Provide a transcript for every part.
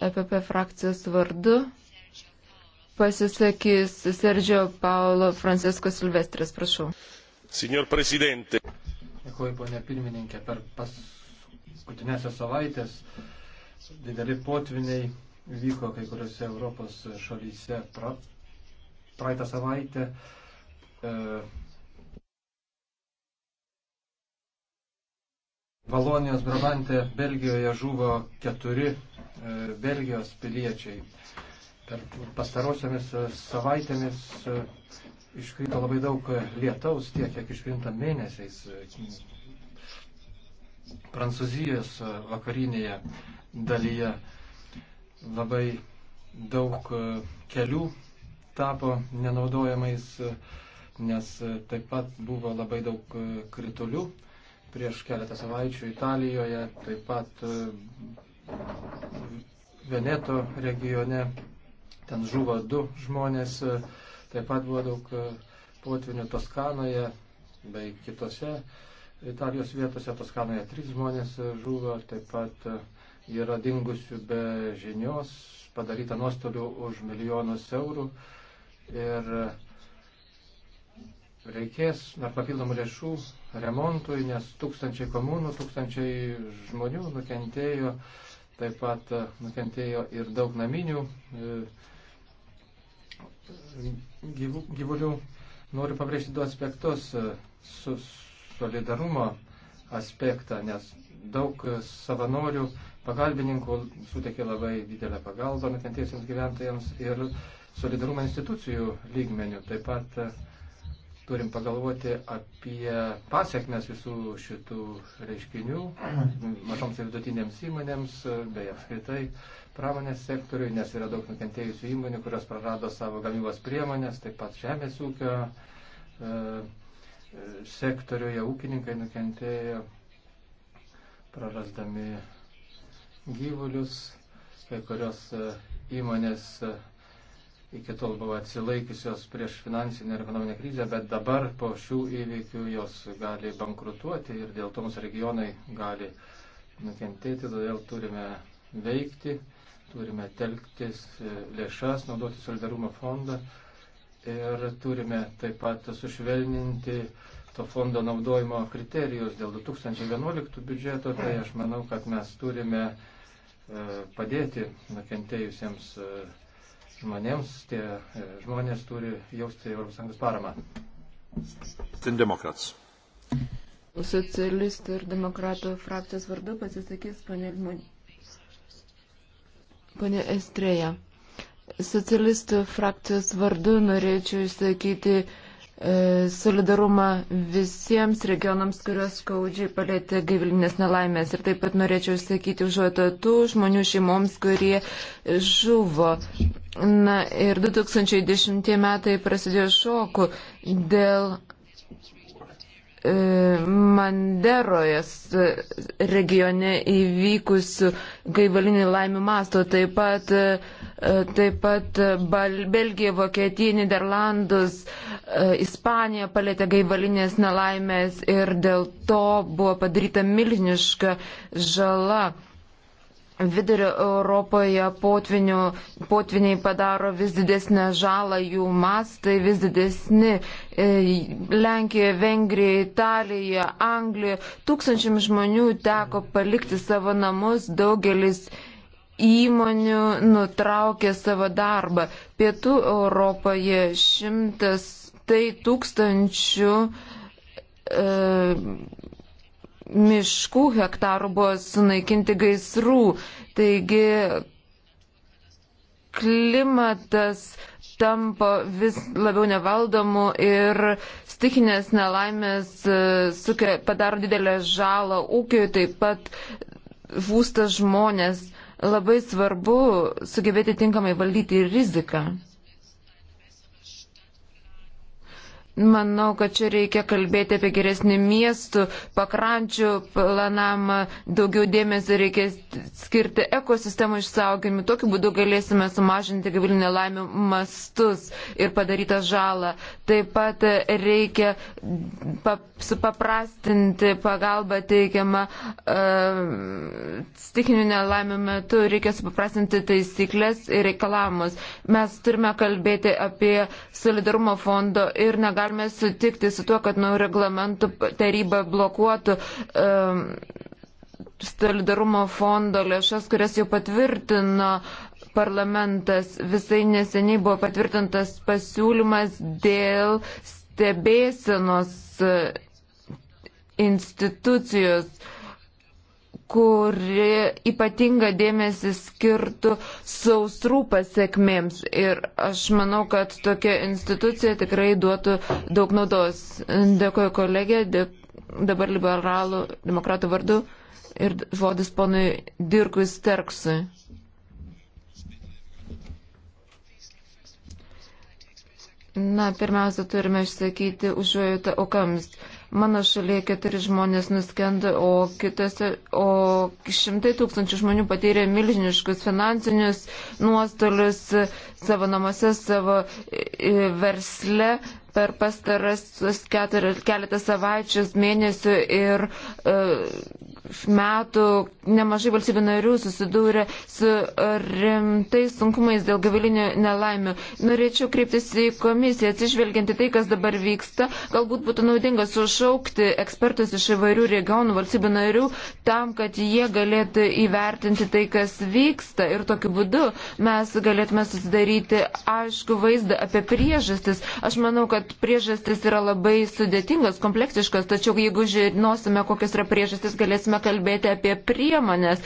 EPP frakcijos vardu pasisakys Sergio Paulo Francesco Silvestris, prašau. Signor Presidente. Dėkuoju, ponė pirmininkė, per paskutinėsios savaitės dideli potviniai vyko kai kuriuose Europos šalyse. Pra, praeitą savaitę e, Valonijos Brabante Belgijoje žuvo keturi E, Belgijos piliečiai. Per pastarosiomis e, savaitėmis e, iškrito labai daug lietaus, tiek kiek iškrinta mėnesiais Prancūzijos vakarinėje dalyje. Labai daug kelių tapo nenaudojamais, nes taip pat buvo labai daug kritulių prieš keletą savaičių Italijoje, taip pat Veneto regione, ten žuvo du žmonės, e, taip pat buvo daug e, potvinių Toskanoje bei kitose Italijos vietose, Toskanoje trys žmonės e, žuvo, taip pat yra dingusių be žinios, padaryta nuostolių už milijonus eurų ir reikės dar papildomų lėšų remontui, nes tūkstančiai komunų, tūkstančiai žmonių nukentėjo Taip pat e, nukentėjo ir daug naminių e, gyvulių. Noriu pabrėžti du aspektus e, su solidarumo aspektą, nes daug savanorių, pagalbininkų suteikė labai didelę pagalbą nukentėjusiems gyventojams ir solidarumo institucijų lygmenių. Taip pat Turim pagalvoti apie pasiekmes visų šitų reiškinių mažoms ir vidutinėms įmonėms, bei apskritai pramonės sektoriui, nes yra daug nukentėjusių įmonių, kurios prarado savo gamybos priemonės, taip pat žemės ūkio e, e, sektoriuje ūkininkai nukentėjo, prarasdami gyvulius, kai kurios e, įmonės iki tol buvo atsilaikiusios prieš finansinę ir ekonominę krizę, bet dabar po šių įvykių jos gali bankrutuoti ir dėl to mūsų regionai gali nukentėti, todėl turime veikti, turime telktis e, lėšas, naudoti solidarumo fondą ir turime taip pat sušvelninti to fondo naudojimo kriterijus dėl 2011 biudžeto, tai aš manau, kad mes turime e, padėti nukentėjusiems e, žmonėms, tie e, žmonės turi jausti ES paramą. Demokrats. Socialistų ir demokratų frakcijos vardu pasisakys ponė, ponė Estrėja. Socialistų frakcijos vardu norėčiau išsakyti e, solidarumą visiems regionams, kurios skaudžiai palėtė gyvilinės nelaimės. Ir taip pat norėčiau išsakyti užuotą tų žmonių šeimoms, kurie žuvo Na ir 2010 metai prasidėjo šoku dėl e, Manderojas regione įvykusių gaivalinių laimių masto, taip pat, e, taip pat Bal Belgija, Vokietija, Niderlandus, e, Ispanija palėtė gaivalinės nelaimės ir dėl to buvo padaryta milžiniška žala. E, Vidurio Europoje potviniai padaro vis didesnę žalą, jų mastai vis didesni. E, Lenkija, Vengrija, Italija, Anglija. Tūkstančiam žmonių teko palikti savo namus, daugelis įmonių nutraukė savo darbą. Pietų Europoje šimtas tai tūkstančių. E, miškų hektarų buvo sunaikinti gaisrų. Taigi klimatas tampa vis labiau nevaldomu ir stikinės nelaimės e, sukelia, padaro didelę žalą ūkiui, taip pat žūsta žmonės. Labai svarbu sugebėti tinkamai valdyti riziką. Manau, kad čia reikia kalbėti apie geresnį miestų, pakrančių planavimą, daugiau dėmesio reikia skirti ekosistemų išsaugimui. Tokiu būdu galėsime sumažinti gyvulinę laimę mastus ir padarytą žalą. Taip pat reikia supaprastinti pagalbą teikiamą uh, e, stikinių nelaimę metu, reikia supaprastinti taisyklės ir reikalavimus. Mes turime kalbėti apie solidarumo fondo ir negalime galime sutikti su tuo, kad nuo reglamentų taryba blokuotų um, solidarumo fondo lėšas, kurias jau patvirtino parlamentas. Visai neseniai buvo patvirtintas pasiūlymas dėl stebėsenos institucijos. Uh, kuri ypatinga dėmesį skirtų sausrų pasiekmėms. Ir aš manau, kad tokia institucija tikrai duotų daug naudos. Dėkoju kolegė, dėk... dabar liberalų demokratų vardu ir žodis ponui Dirkui Sterksui. Na, pirmiausia, turime išsakyti užuojautą okams. Mano šalyje keturi žmonės nuskendo, o kitose, o jog šimtai tūkstančių žmonių patyrė milžiniškus finansinius nuostolius savo namuose, savo versle per pastaras keletą savaičių, mėnesių ir uh, metų nemažai valstybių narių susidūrė su rimtais sunkumais dėl gavilinių nelaimių. Norėčiau kreiptis į komisiją, atsižvelgiant į tai, kas dabar vyksta, galbūt būtų naudinga sušaukti ekspertus iš įvairių regionų valstybių narių tam, kad jie galėtų įvertinti tai, kas vyksta ir tokiu būdu mes galėtume susidaryti aišku vaizdą apie priežastis. Aš manau, kad priežastis yra labai sudėtingas, kompleksiškas, tačiau jeigu žinosime, kokios yra priežastis, galėsime kalbėti apie priemonės.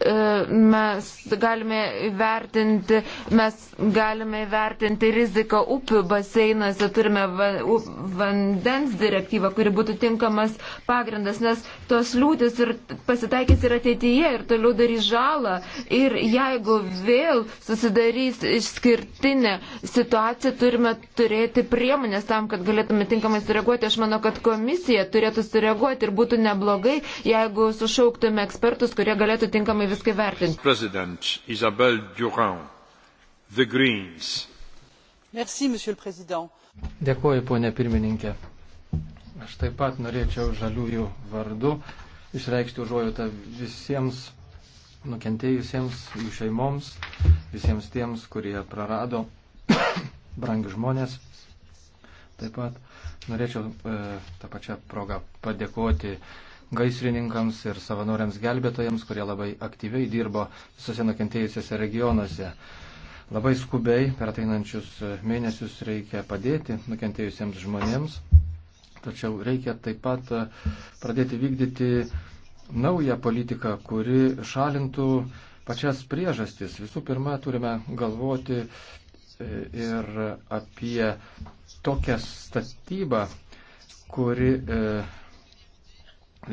E, mes galime įvertinti, mes galime įvertinti riziką upių baseinuose, turime va, up, vandens direktyvą, kuri būtų tinkamas pagrindas, nes tos liūtis ir pasitaikys ir ateityje ir toliau darys žalą. Ir jeigu vėl susidarys išskirtinė situacija, turime turėti priemonės tam, kad galėtume tinkamai sureaguoti. Aš manau, kad komisija turėtų sureaguoti ir būtų neblogai, jeigu sušauktume ekspertus, kurie galėtų tinkamai viską vertinti. Dėkuoju, ponė pirmininkė. Aš taip pat norėčiau žaliųjų vardu išreikšti užuojautą visiems nukentėjusiems, jų šeimoms, visiems tiems, kurie prarado brangi žmonės. Taip pat norėčiau e, tą pačią progą padėkoti e, gaisrininkams ir savanoriams gelbėtojams, kurie labai aktyviai dirbo visose nukentėjusiose regionuose. Labai skubiai per ateinančius mėnesius reikia padėti nukentėjusiems žmonėms, tačiau reikia taip pat e, pradėti vykdyti naują politiką, kuri šalintų pačias priežastis. Visų pirma, turime galvoti e, ir apie tokią statybą, kuri e,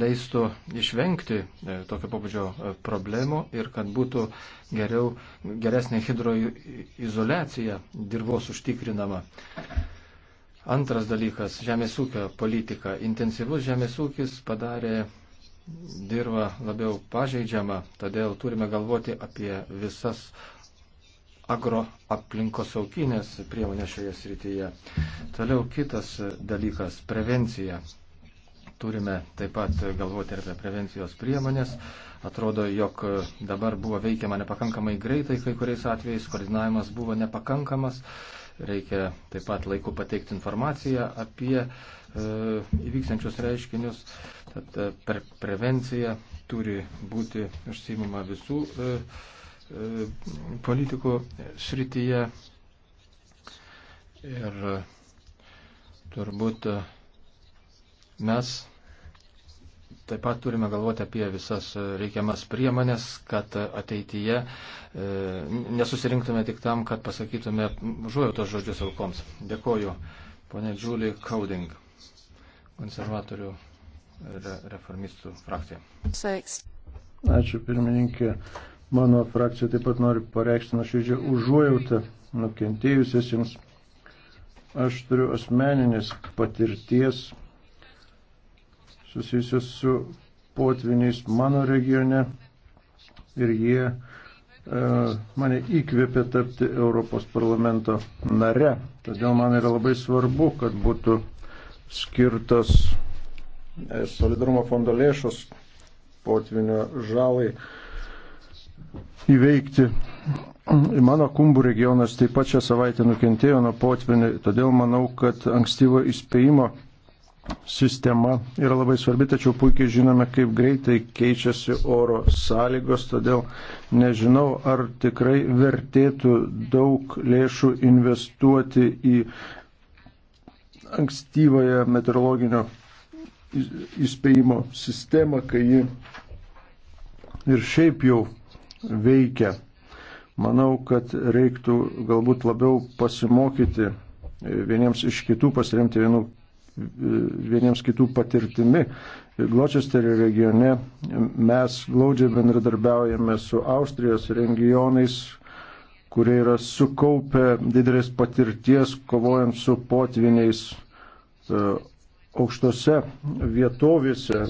leistų išvengti e, tokio pabudžio e, problemų ir kad būtų geriau, geresnė hidroizolacija dirvos užtikrinama. Antras dalykas - žemės ūkio politika. Intensyvus žemės ūkis padarė dirba labiau pažeidžiama, todėl turime galvoti apie visas agroaplinkosaukinės priemonės šioje srityje. Toliau kitas dalykas - prevencija. Turime taip pat galvoti ir apie prevencijos priemonės. Atrodo, jog dabar buvo veikiama nepakankamai greitai, kai kuriais atvejais koordinavimas buvo nepakankamas. Reikia taip pat laiku pateikti informaciją apie e, įvyksančius reiškinius. Tad e, per prevenciją turi būti užsimama visų e, e, politikų srityje. Ir turbūt e, mes Taip pat turime galvoti apie visas e, reikiamas priemonės, kad e, ateityje e, nesusirinktume tik tam, kad pasakytume žuojautos žodžius aukoms. Dėkoju, ponė Džiulį Kauding, konservatorių re, reformistų frakcija. Ačiū, pirmininkė. Mano frakcija taip pat nori pareikšti nuoširdžią užuojautą nukentėjusiesiems. Aš turiu asmeninės patirties susijusios su potviniais mano regione ir jie e, mane įkvėpė tapti Europos parlamento nare. Todėl man yra labai svarbu, kad būtų skirtas e, solidarumo fondo lėšos potvinio žalai įveikti. Mano kumbų regionas taip pat šią savaitę nukentėjo nuo potvinio, todėl manau, kad ankstyvo įspėjimo sistema yra labai svarbi, tačiau puikiai žinome, kaip greitai keičiasi oro sąlygos, todėl nežinau, ar tikrai vertėtų daug lėšų investuoti į ankstyvąją meteorologinio įspėjimo sistemą, kai ji ir šiaip jau veikia. Manau, kad reiktų galbūt labiau pasimokyti vieniems iš kitų, pasiremti vienų vieniems kitų patirtimi. Gloucesterio regione mes glaudžiai bendradarbiaujame su Austrijos regionais, kurie yra sukaupę didelės patirties kovojant su potviniais e, aukštose vietovėse.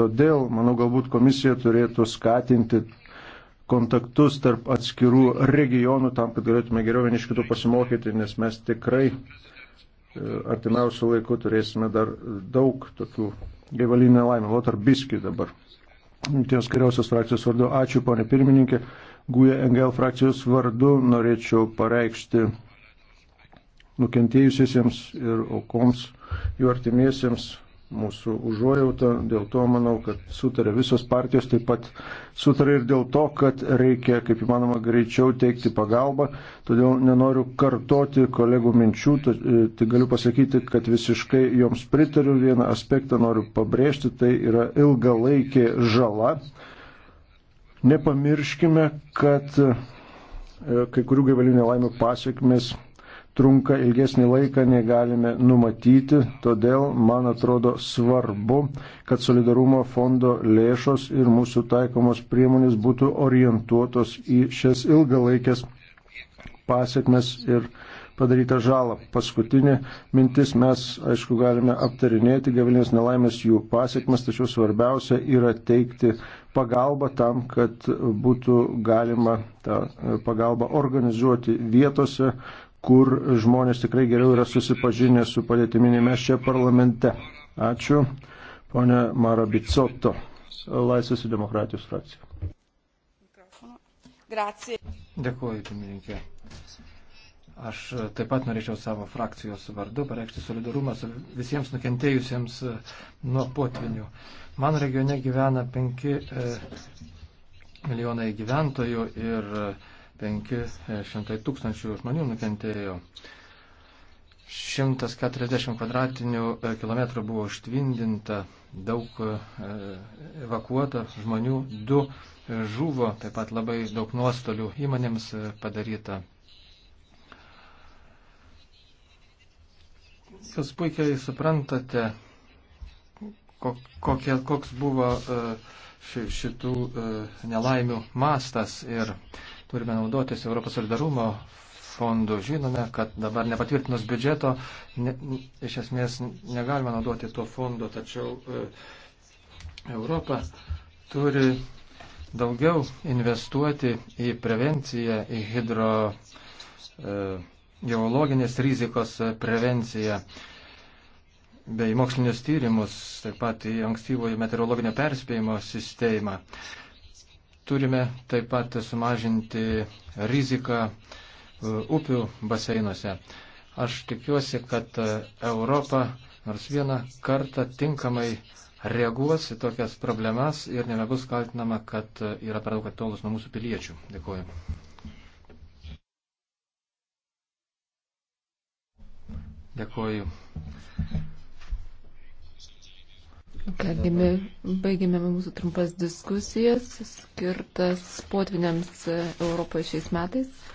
Todėl, manau, galbūt komisija turėtų skatinti kontaktus tarp atskirų regionų tam, kad galėtume geriau vieni iš kitų pasimokyti, nes mes tikrai uh, artimiausių laikų turėsime dar daug tokių gaivalinių nelaimė. Lotar Biski dabar. Ties geriausios frakcijos vardu. Ačiū, ponė pirmininkė. Guja NGL frakcijos vardu norėčiau pareikšti nukentėjusiesiems ir aukoms, jų artimiesiems mūsų užuojautą. Dėl to manau, kad sutarė visos partijos, taip pat sutarė ir dėl to, kad reikia, kaip įmanoma, greičiau teikti pagalbą. Todėl nenoriu kartoti kolegų minčių, tai galiu pasakyti, kad visiškai joms pritariu. Vieną aspektą noriu pabrėžti, tai yra ilgalaikė žala. Nepamirškime, kad e, kai kurių gaivalinių laimių pasiekmes trunka ilgesnį laiką, negalime numatyti, todėl man atrodo svarbu, kad solidarumo fondo lėšos ir mūsų taikomos priemonės būtų orientuotos į šias ilgalaikės pasiekmes ir padarytą žalą. Paskutinė mintis mes, aišku, galime aptarinėti gavilinės nelaimės jų pasiekmes, tačiau svarbiausia yra teikti pagalbą tam, kad būtų galima tą pagalbą organizuoti vietose, kur žmonės tikrai geriau yra susipažinę su padėtimi nei mes čia parlamente. Ačiū, ponė Mara Bicotto, Laisvės ir demokratijos frakcija. Grazie. Dėkuoju, pirmininkė. Aš taip pat norėčiau savo frakcijos vardu pareikšti solidarumą su visiems nukentėjusiems nuo potvinių. Man regione gyvena 5 e, milijonai gyventojų ir e, 500 tūkstančių žmonių nukentėjo. 140 kvadratinių e, kilometrų buvo užtvindinta, daug e, evakuota žmonių, du e, žuvo, taip pat labai daug nuostolių įmonėms padaryta. Jūs puikiai suprantate, kokie, koks buvo šitų nelaimių mastas ir uh, turime naudotis Europos solidarumo fondų. Žinome, kad dabar nepatvirtinus biudžeto, ne, iš esmės negalima naudoti to fondo, tačiau e, Europa turi daugiau investuoti į prevenciją, į hidro e, geologinės rizikos prevenciją bei mokslinius tyrimus, taip pat į ankstyvojų meteorologinio perspėjimo sistemą. E, Turime taip pat sumažinti riziką e, upių baseinuose. Aš tikiuosi, kad e, Europa nors vieną kartą tinkamai reaguos į tokias problemas ir nebebus kaltinama, kad e, yra per daug atolus nuo mūsų piliečių. Dėkuoju. Dėkuoju Kągi, baigėme mūsų trumpas diskusijas skirtas potviniams e, Europoje šiais metais.